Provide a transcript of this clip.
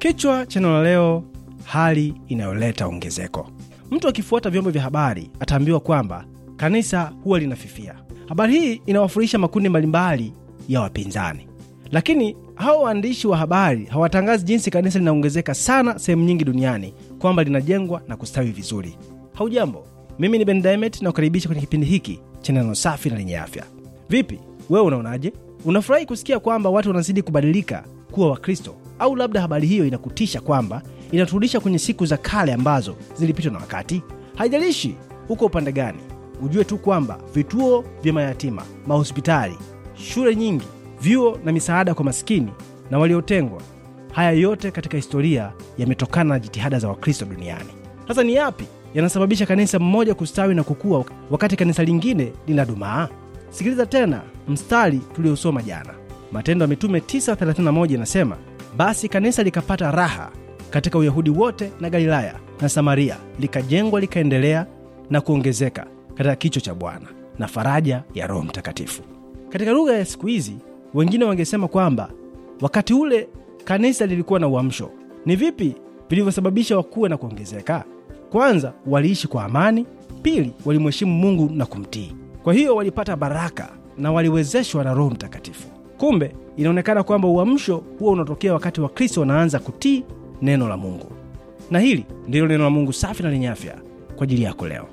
Kichwa cha neno la leo, hali inayoleta ongezeko. Mtu akifuata vyombo vya habari ataambiwa kwamba kanisa huwa linafifia. Habari hii inawafurisha makundi mbalimbali ya wapinzani, lakini hao waandishi wa habari hawatangazi jinsi kanisa linaongezeka sana sehemu nyingi duniani, kwamba linajengwa na kustawi vizuri. Haujambo, mimi ni Ben Diamond na kukaribisha kwenye kipindi hiki cha neno safi na lenye afya. Vipi wewe, unaonaje? Unafurahi kusikia kwamba watu wanazidi kubadilika kuwa Wakristo, au labda habari hiyo inakutisha kwamba inaturudisha kwenye siku za kale ambazo zilipitwa na wakati? Haijalishi uko upande gani, ujue tu kwamba vituo vya mayatima, mahospitali, shule nyingi, vyuo na misaada kwa masikini na waliotengwa, haya yote katika historia yametokana na jitihada za Wakristo duniani. Sasa ni yapi yanasababisha kanisa mmoja kustawi na kukua wakati kanisa lingine linadumaa? Sikiliza tena mstari tuliosoma jana. Matendo ya Mitume 9:31 inasema, basi kanisa likapata raha katika Uyahudi wote na Galilaya na Samaria, likajengwa likaendelea na kuongezeka katika kicho cha Bwana na faraja ya Roho Mtakatifu. Katika lugha ya siku hizi, wengine wangesema kwamba wakati ule kanisa lilikuwa na uamsho. Ni vipi vilivyosababisha wakuwe na kuongezeka? Kwanza, waliishi kwa amani; pili, walimheshimu Mungu na kumtii. Kwa hiyo walipata baraka na waliwezeshwa na Roho Mtakatifu. Kumbe inaonekana kwamba uamsho huo unatokea wakati Wakristo wanaanza kutii neno la Mungu, na hili ndilo neno la Mungu safi na lenye afya kwa ajili yako leo.